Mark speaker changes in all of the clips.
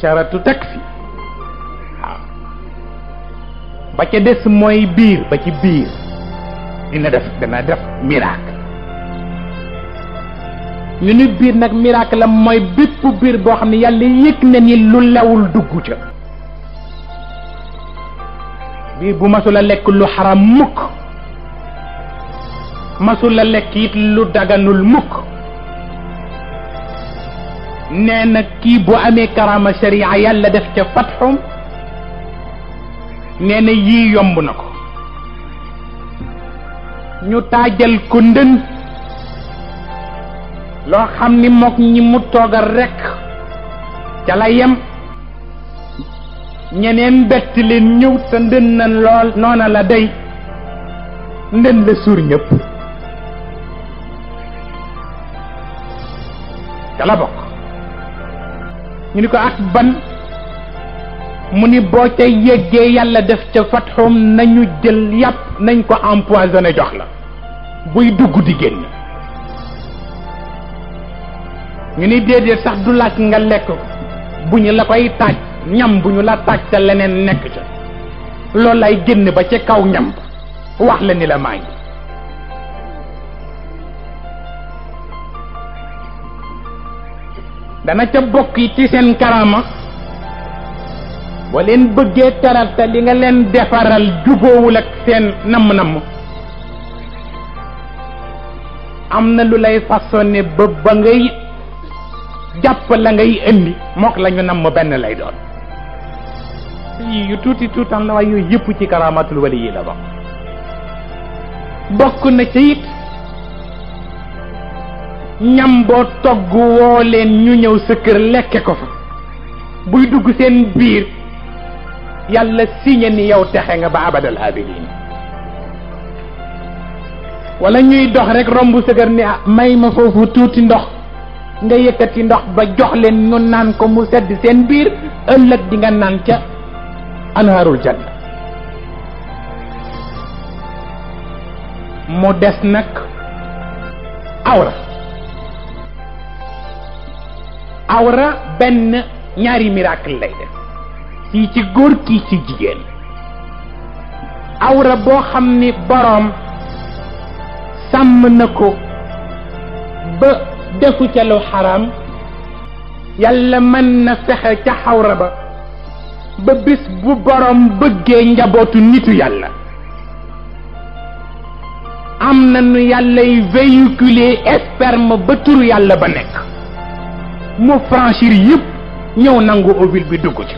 Speaker 1: isharatu taksi waaw ba ca des mooy biir ba ci biir dina def dana def miracle ñu ni biir nag miracle la mooy bépp biir boo xam ne yàlla yëg na ni lu lewul dugg ca biir bu masul a lekk lu xaram mukk masul a lekk it lu daganul mukk nee na kii bu amee karaama sharia yàlla def ca fatxum nee na yii yomb na ko ñu taajal ko ndën loo xam ni mook ñi mu toogal rekk ca la yem ñeneen bett leen ñëw te ndën na lool noona la day ndën la suur ñëpp ca la bokk ñu ni ko ak ban mu ni boo ca yéggee yàlla def ca fatxum nañu jël yàpp nañ ko empoisonné jox la buy dugg di génn ñu ni déedéet sax du laaj nga lekk bu ñu la koy taaj ñam bu ñu la taaj te leneen nekk ca loolu lay génn ba ca kaw ñam wax la ni la maa ngi dana ca bokk yi ci seen karama boo leen bëggee teral te li nga leen defaral juboowul ak seen namm-namm am na lu lay façonné ba ba ngay jàpp la ngay indi mook lañu ñu namm benn lay doon yu tuuti tuutaan la waaye yooyu yëpp ci karamatul wali yi la bokk bokk na ca it ñam boo togg woo leen ñu ñëw sa kër lekke ko fa buy dugg seen biir yàlla siñe ni yow texe nga ba abadal abidin wala ñuy dox rek romb sëgër ni ah, may ma foofu tuuti ndox nga yëkkati ndox ba jox leen ñu naan ko mu sedd seen biir ëllëg di nga naan ca anhaarul janna mu des nag awra awra benn ñaari miracle lay def kii ci góor kii ci jigéen awra boo xam ni boroom sàmm na ko ba defu ca lu xaraam yàlla mën na fexe ca xawra ba ba bis bu borom bëggee njabootu nitu yàlla am na nu yàllay véhiculer sperme ba turu yàlla ba nekk mo franchir yëpp ñëw nangu au ville bi dugg ci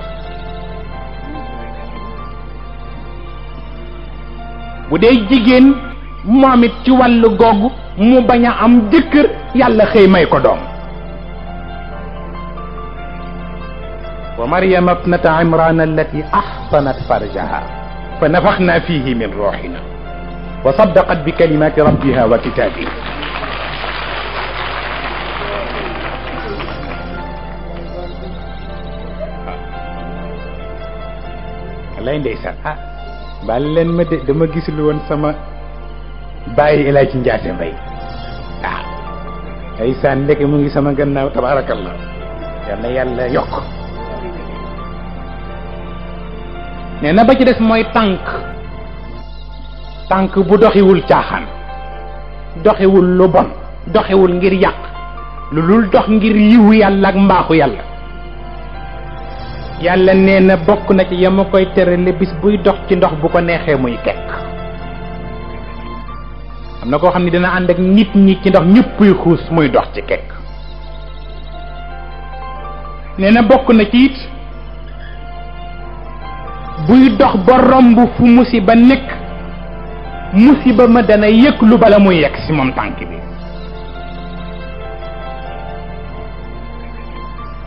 Speaker 1: bu dee jigéen momit ci wàllu googu mu bañ a am jëkkër yàlla xëy may ko doom wa maryam abnata imran allati ahsanat farjaha fa nafaxna fihi min ruuxina wa saddaqat bi kalimaati rabbiha wa kitaabihi lay ndeysaan ah bal leen ma de dama lu won sama baye ilaa ci ndiaté mbay ah ndeysaan ndeke mu ngi sama gannaaw tabarakallah yalla yalla yok, nee ya, na ba ci des moy tank tank bu doxiwul caaxaan doxiwul lu bon doxiwul ngir yàq lu lul dox ngir yiwu yalla ak mbaxu yalla yàlla nee na bokk na ci ya ma koy tërale bis buy dox ci ndox bu ko neexee muy kekk am na koo xam ne dina ànd ak nit ñi ci ndox ñëppuy xuus muy dox ci kekk nee na bokk na ci it buy dox ba romb fu musiba nekk musiba ma dana yëg lu bala muy yegg si moom tànk bi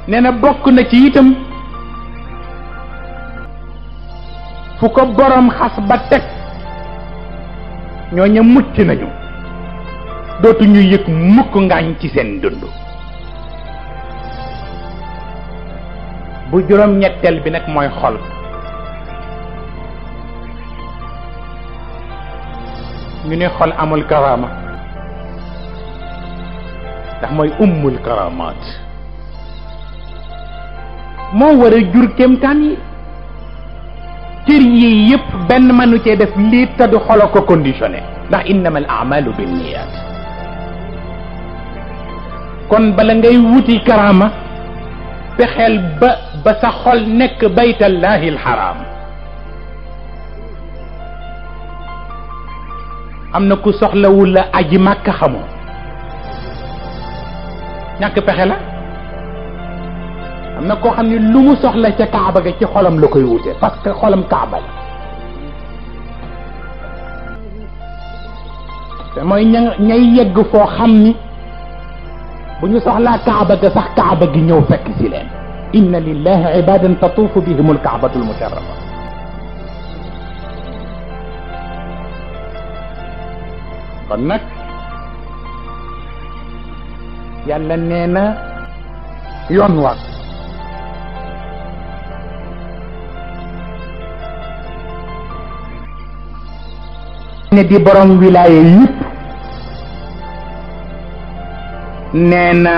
Speaker 1: nee na bokk na ci itam fu ko borom xas ba teg ñooña mucc nañu dootu ñu yëg mukk ngaañ ci seen dund bu juróom ñetteel bi nag mooy xol ñu ne xol amul karaama ndax mooy ummul karaamaat moo war a jur kéemtaan yi cër yi yëpp benn mënu cee def lii te du xolo ko conditionné ndax innama al amalu binniyat kon bala ngay wuti karaama fexeel ba ba sa xol nekk baytallahi alxaram am na ku soxlawul la aji màkk xamoo ñàkk pexe la amna ko xamni lu mu soxla ci kaaba ga ci xolam la koy wute parce que xolam kaaba la te moy ñay yegg fo xamni ni bu ñu soxlaa kaaba ga sax kaaba gi ñëw fekk ci leen inna lillahi ibadan tatufu bihim alkaabatu almukarrama kon nak yàlla neena na yoon war ne di borom wilaya yëpp nee na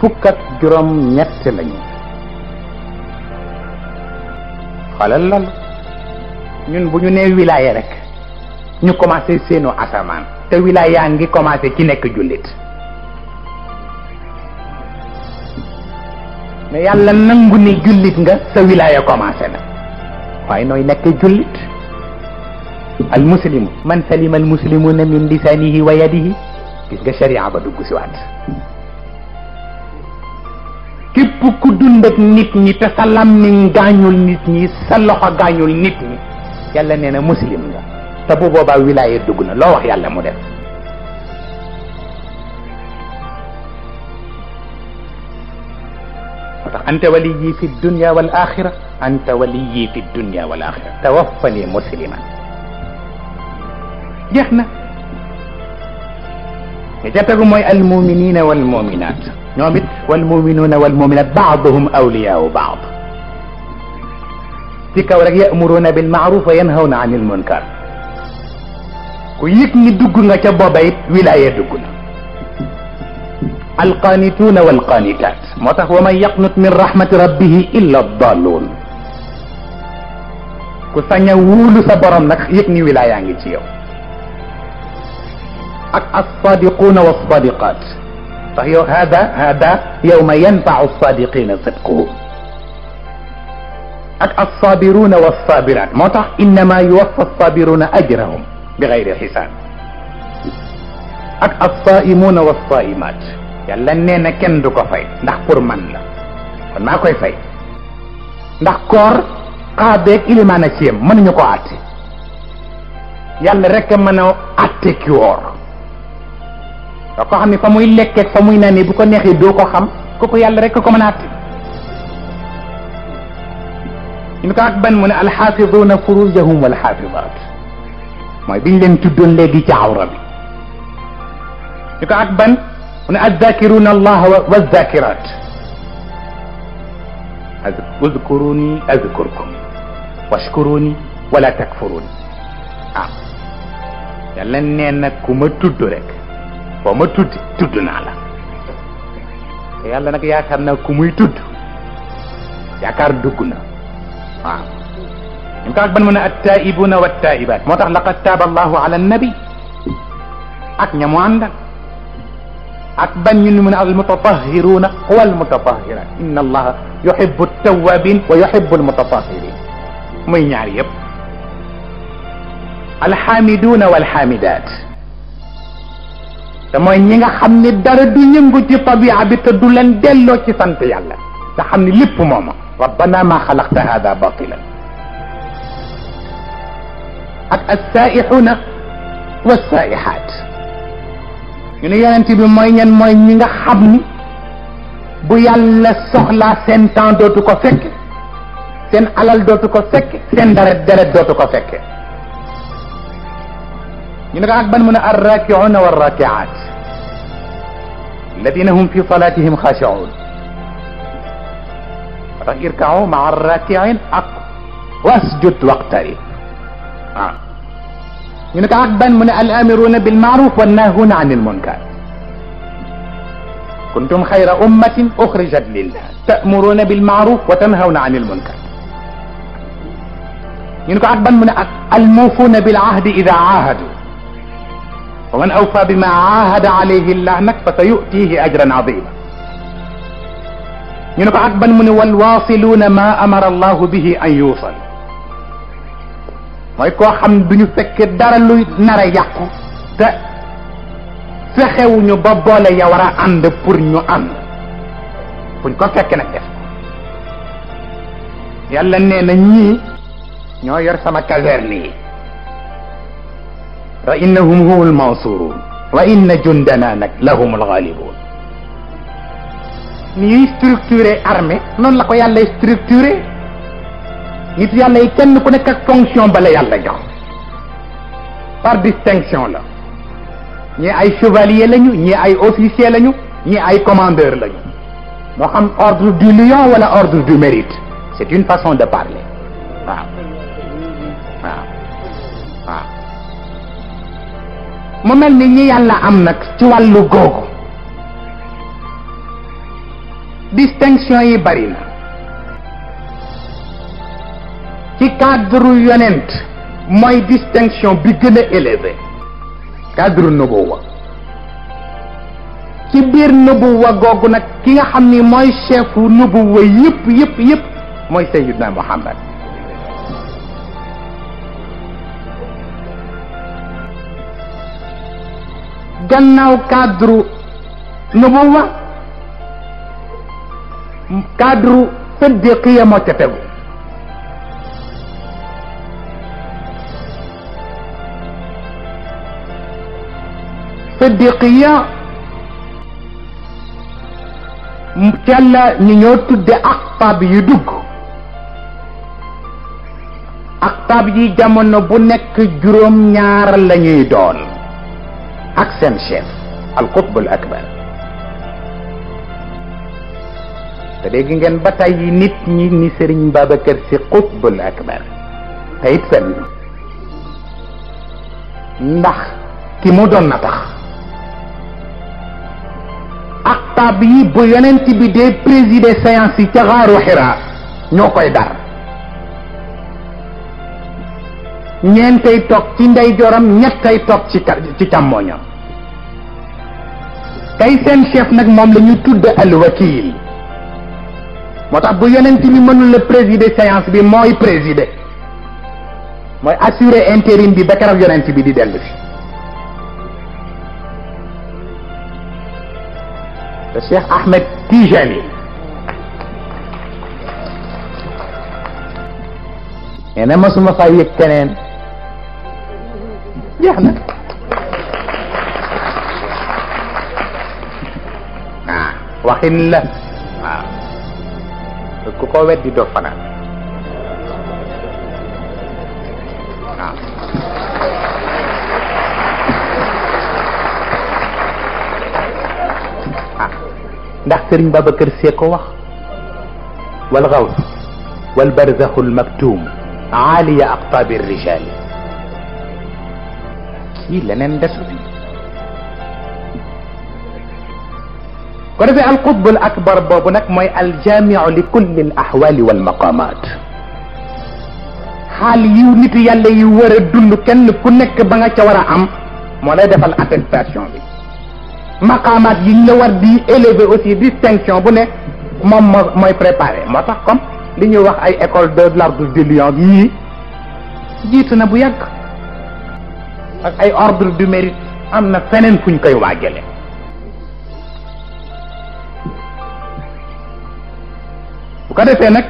Speaker 1: fukk juróom ñett lañu la loolu ñun bu ñu nee wilaya rek ñu commencé seenu asamaan te wilaya ngi commencé ci nekk jullit mais yàlla nangu ni jullit nga sa wilaya commencé na waaye nooy nekk jullit المسلم man salima almuslimuna min lisanihi wa yadihi gis nga sharia ba dugg si waat képp ku dund ak nit ñi te sa làmmiñ gaañul nit ñi sa loxo gaañul nit ñi yàlla nee na muslim nga te bu boobaa wilaaya dugg na loo wax yàlla mu def أنت وليي في الدنيا والآخرة أنت وليي في الدنيا والآخرة توفني مسلما جيخنا كتابته موي المؤمنين والمؤمنات نعمت والمؤمنون والمؤمنات بعضهم اولياء بعض تيكا ورا يامرون بالمعروف وينهون عن المنكر كويك ني دغغا تا بوباي ولايه دغنا القانتون والقانتات متخ ومن يقنط من رحمه ربه الا الضالون كو ساغنا وولو سا بروم نك يكني ولايه نغي تي الصادقون والصادقات هذا هذا يوم ينفع الصادقين صدقه الصابرون والصابرات مطع إنما يوفى الصابرون أجرهم بغير حساب الصائمون والصائمات يلا نينا كن دوكو فاي نحقر من لا ما كوي فاي نحقر قابك إلي ما نشيم من نكو آتي يلا ركمنا آتي كيور koo xam ne fa muy lekkee fa muy naanee bu ko neexee doo ko xam kooku yàlla rek ko mën a atte ñu ko ak ban mu ne alxaafiduuna furujahum wal xaafidaat mooy biñ leen tuddoon léegi ci awra bi ñu ko ak ban mu ne azzakiruuna allah wa zakirat uzkuruni azkurkum washkuruni wala takfuruni ah yàlla nee na ku ma tudd rek foo ma tudd tudd naa la te yàlla nag yaakaar naa ku muy tudd yaakaar dugg na waaw ñu tax ban mu ne attaibuna wa attaibat moo tax laqad taaba allahu ala nabi ak ña mu àndal ak ban ñu mu ne almutatahiruna wal mutatahirat inna allaha yuhibbu tawabin wa yuhibbu almutatahirin muy ñaar yëpp alhamiduna walhamidat te mooy ñi nga xam ni dara du yëngu ci tabi'a bi te du leen delloo ci sant yàlla te xam ni lépp mooma rabbana ma xalaqta hada batilan ak assaa'ixuuna wassaa'ihaat ñu ne yonent bi mooy ñen mooy ñi nga xam ni bu yàlla soxlaa sen temps dootu ko fekke seen alal dootu ko fekke seen deret deret dootu ko fekke ينقعك بن من الراكعون والراكعات الذين هم في صلاتهم خاشعون اركعوا مع الراكعين أقوى واسجد واقترب آه. هناك عقبا من الامرون بالمعروف والناهون عن المنكر كنتم خير أمة أخرجت لله تأمرون بالمعروف وتنهون عن المنكر هناك عقبا من الموفون بالعهد إذا عاهدوا ومن اوفى بما عاهد عليه الله نك فسيؤتيه اجرا عظيما ينك عقبا من والواصلون ما امر الله به ان يوصل ويكو خم بني فك دار لوي نرا ياكو ت فخيو ني بابول يا ورا بور ني ان فك نك يالا نينا ني ньо йор сама казерни. فإنهم هم المنصورون وإن جندنا لهم الغالبون ni ñuy structuré armée noonu la ko yàlla structuré nit yàlla yi kenn ku nekk ak fonction ba la yàlla jox par distinction la ñi ay chevalier lañu ñi ay officier lañu ñi ay commandeur lañu moo xam ordre du lion wala ordre du mérite c'est une façon de parler waaw mu mel ni ñi yàlla am nag ci wàllu googu distinction yi bari na ci cadre yonent mooy distinction bi gën a élevé cadre nubuwa ci biir nubuwa googu nag ki nga xam ni mooy chefu nubuwa yëpp yëpp yëpp mooy Seydina Muhammad gannaaw cadre nubuwa cadre siddiqiya moo ca tegu siddiqiya de ñu ñoo tudde aqtab yu dugg aqtab yi jamono bu nekk juróom ñaar lañuy doon ak seen chef alqutb al akbar te dégg ngeen ba tàyyi nit ñi ni Serigne Babacar Sy qutb al akbar te it fenn ndax ki mu doon na tax ak tab yi bu yonent bi dee présider séance yi ca xaaru xiraa ñoo koy dar ñeentay toog ci ndeyjooram ñettay toog ci ci càmmooñam tey seen chef nag moom lañuy tudd tudd alwakil moo tax bu yonent bi mënul la présider séance bi mooy présider mooy assurer intérim bi ba keroog yonent bi di dell si te Ahmed Tijani nee na ma suma fay yëg keneen baatin la waaw ku ko weddi doo fanaan waaw ndax sëriñ Babacar see ko wax wal gaws wal barzaxu al maktuum aaliya aqtaabi rijaali kii leneen desu fi كوربي القطب الاكبر بوبو ماي الجامع لكل الاحوال والمقامات حال يو نيت يالا يو ورا دوند كين كو نيك باغا تا ورا ام مولاي ديفال اتنتاسيون بي مقامات لي لا وار دي اليفي اوسي ديستينكسيون بو نك موم موي بريباري موتا كوم لي نيو واخ اي ايكول دو لار دو ديليون ني جيتنا بو ياك اي اوردر دو ميريت امنا فنن فوني كاي واجالي ko defee nag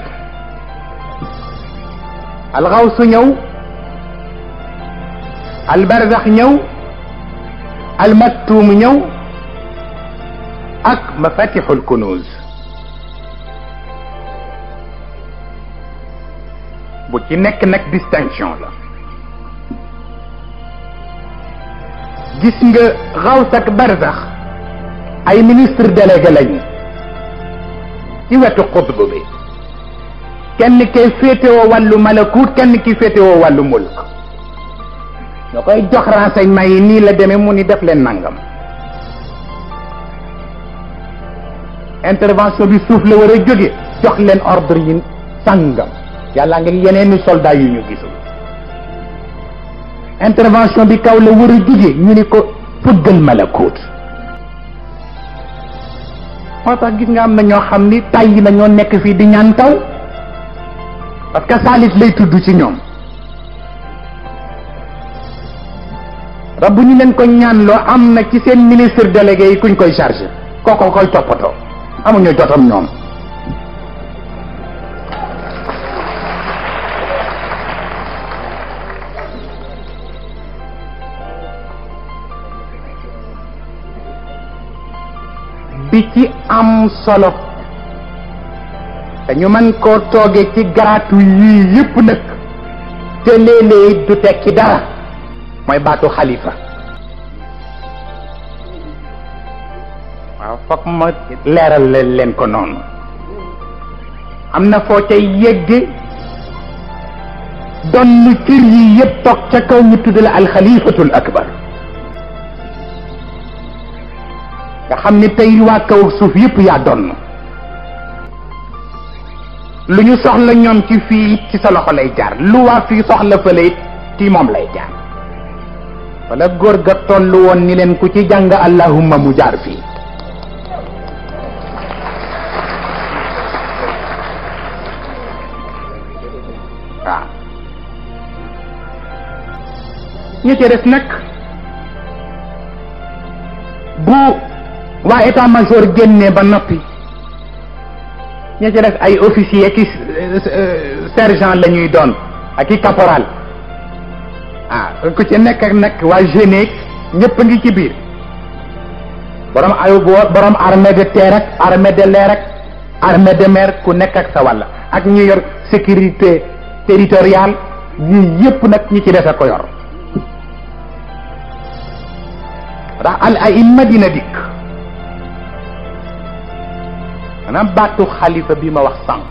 Speaker 1: alxawsu ñëw albarzax ñëw almaktuum ñëw ak mafatixul kunuuz bu ci nekk nag distinction la gis nga xaws ak barzax ay ministre délégué lañu ci wetu xutb bi kenn kay féetewoo wàllu malakut kenn ki féetewoo wàllu mulk ñoo koy jox renseignement yi nii la demee mu ni def leen nangam intervention bi suuf la war a jóge jox leen ordre yi sàngam yàlla nga yeneeni soldat yu ñu gisul intervention bi kaw la war a jóge ñu ni ko fëggal malakut moo tax gis nga am na ñoo xam ni tàyyi nañoo nekk fii di ñaan parce que saalit lay tudd ci ñoom rab ñu leen ko ñaanloo am na ci seen ministre délégué yi kuñ koy chargé kooko koy toppatoo amuñu jotam ñoom bi ci am solo te ñu mën koo toogee ci garaatu yii yëpp nag te léeg du tekki dara mooy baatu xalifa waaw foog ma leeral leen ko noonu am na foo tey yegge donn kër yi yëpp toog ca kaw ñu tudd la alxalifatul akbar nga xam ni tey waa kaw suuf yépp yaa donn lu ñu soxla ñoom ci fii it ci sa loxo lay jaar lu waa fii soxla fële it ci moom lay jaar wala góor ga toll woon ni leen ku ci jàng allahumma mu jaar fii waaw ñu ci des nag bu waa état major génnee ba noppi ñu ci def ay officier ki euh, sergent la ñuy doon ak i caporal ah ku ci nekk ak nag waa génie ñëpp a ngi ci biir borom ayu borom armée de terre ak armée de l'air ak armée de mer ku nekk ak sa wàlla ak ñu yor sécurité territoriale ñi yëpp nag ñu ci des a ko yor ndax al dina dikk manam batu khalifa bi ma wax sank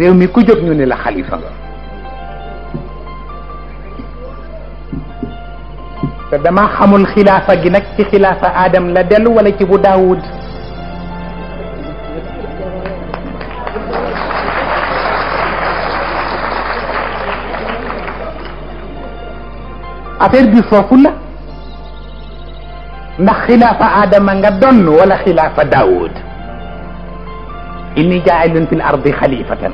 Speaker 1: rew mi ku jóg ñu ne la khalifa nga te dama xamul khilafa gi nak ci khilafa adam la delu wala ci bu daoud affaire bi fofu la ndax xilaafa aadama nga donn wala xilaafa daawud inni jaailun fi l ardi xalifatan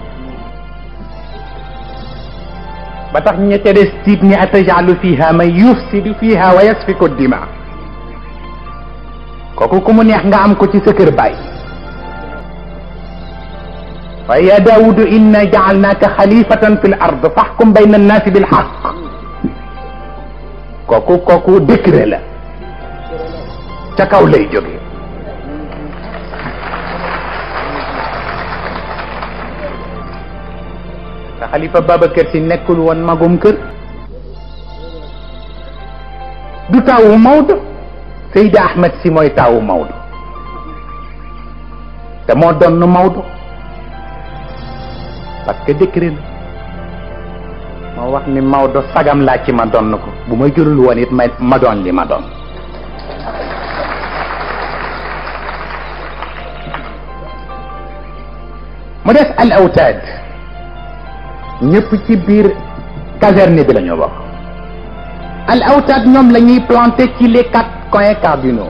Speaker 1: ba tax ña ca des tiit ni atajalu fiha man yufsidu fiha wa yasfiku dima kooku ku mu neex nga am ko ci sa kër baay fa ya daawudu inna jaalnaaka xalifatan fi l ard faxkum bayna annaasi bilxaq kooku kooku décret la ca kaw lay jóge te xalifa Babacar si nekkul woon magum kër du taawu Maodo Seydi Ahmed si mooy taawu Maodo te moo donn Maodo parce que décret la moo wax ni Maodo sagam laa ci ma donn ko bu ma jurul woon it ma ma doon li ma doon مدف الأوتاد نيب تي بير كازيرني بي لانيو بوك الأوتاد نيوم لانيي بلانتي تي لي كات كوين كاردينو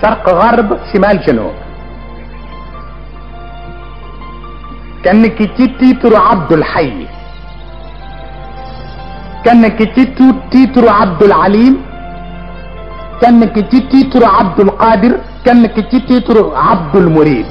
Speaker 1: شرق غرب شمال جنوب كان كي تي تيتر عبد الحي كان كي تي تيتر عبد العليم كان كي تي تيتر عبد القادر كان كي تي تيتر عبد المريد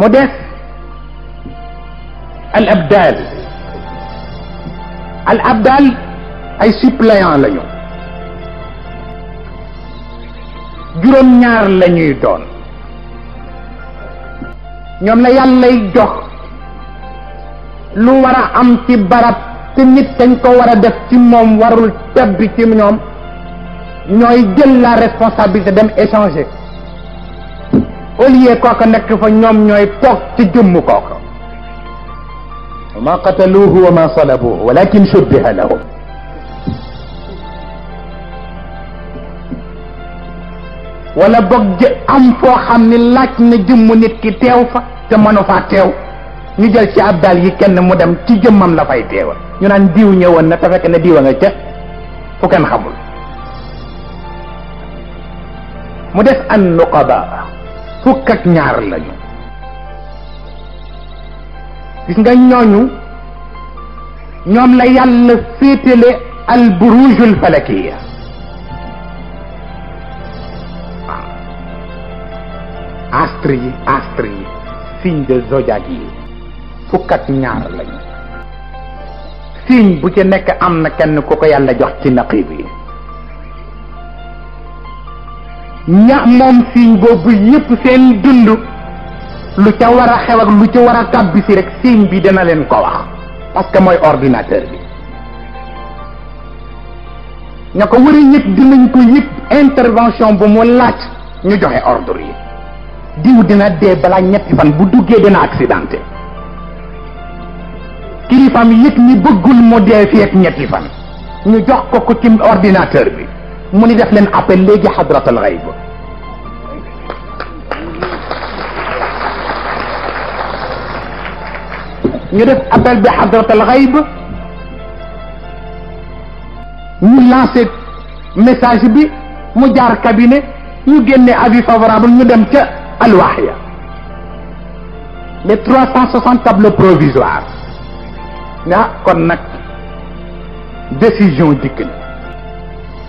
Speaker 1: مودس الابدال الابدال اي سيبليان لا يوم جروم نيار لا ني دون نيوم لا يالله يجوخ لو ورا ام تي باراب تي نيت تنكو ورا ديف تي موم وارول تيب تي نيوم نوي جيل لا ريسبونسابيلتي ديم ايشانجي au lieu kooka nekk fa ñoom ñooy toog ci jëmm kooka wa ma qataluuhu wa ma salabuuhu walakin shubbiha lahum wala boog jë am foo xam ni laaj na jëmmu nit ki teew fa te mënu faa teew ñu jël ci ab daal yi kenn mu dem ci jëmmam la fay teewal ñu naan diw ñëwoon na te fekk na diwa nga ca fu kenn xamul mu def an nuqaba fukk ak ñaar lañu gis nga ñooñu ñoom la yàlla féetale al burujul falakiya astre yi astre yi signe de zodiaque yi fukk ak ñaar lañu signe bu ci nekk am na kenn ku ko yàlla jox ci naqib yi ñax moom siiñ boobu yépp seen dund lu ca war a xew ak lu ca war a tàbbi rek siiñ bi dana leen ko wax parce mooy ordinateur bi ña ko war a yëg dinañ ko yëg intervention bu mu laaj ñu joxe ordre yi diw dina dee balaa ñetti fan bu duggee dina accidenté kilifaam yëg ni bëggul mu dee fi ak ñetti fan ñu jox ko ko ci ordinateur bi موني داخل نابليكي حضرة الغيب نديف ابل بحضرة الغيب ني لانسي ميساج بي مو جار كابينه ني генي افي فافورابل ني دم تا الوحيا لي 360 تابلو بروفيزوار نا كون نك ديسيجن ديكني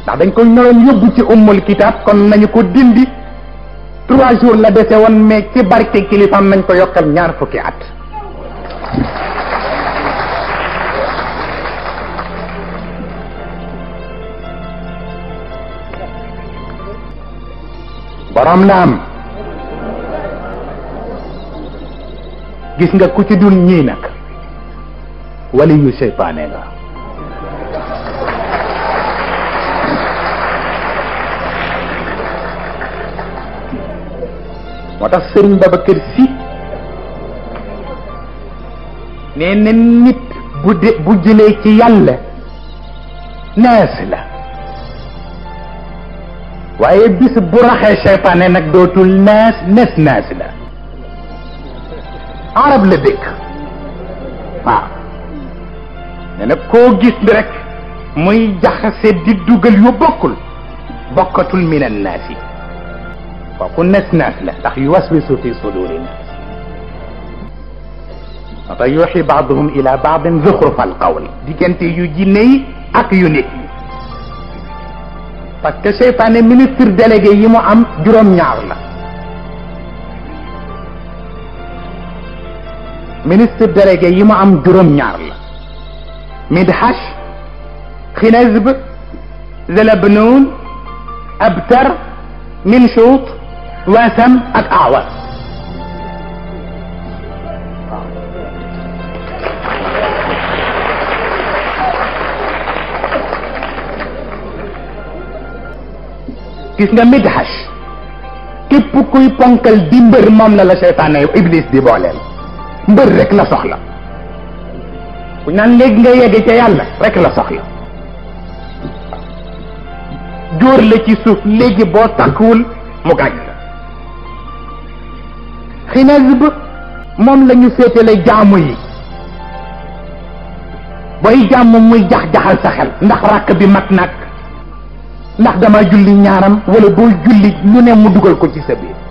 Speaker 1: ndax dañ ko naroon yóbbu ci ummul kitab kon nañu ko dindi trois jours la dese woon mais ci barke kilifam nañ ko yokkal ñaar fukki at borom naam gis nga ku ci dul ñii nag wali yu nga moo tax sëriñ Babacar Si nee na nit bu de bu jëlee ci yàlla nees la waaye bis bu raxee seytaane nag dootul nees nees nees la arab la dëkk waaw nee na koo gis bi rek muy jaxase di dugal yu bokkul bokkatul minan naas yi وقلنا اسمعت له لخ يوسوس في صدور الناس وطيوحي بعضهم الى بعض زخرف القول دي كانت يجيني اقيونيكي فكا شيطان من السردلجي مؤم جرم نعرلا منستر درجة يما أم جرم نارلا مدحش خنزب زلبنون أبتر منشوط شوط waasam ak aawas gis nga midhash képp kuy ponkal di mbër moom na la seytaane iblis di booleel mbër rek la soxla ku naan léegi nga yegg ca yàlla rek la soxla jóor la ci suuf léegi boo takkuwul mu gàññ xinazb moom la ñu féetale jaamu yi booy jàmm muy jax-jaxal sa xel ndax ràkk bi mat nag ndax dama julli ñaaram wala boo julli lu ne mu dugal ko ci sa biir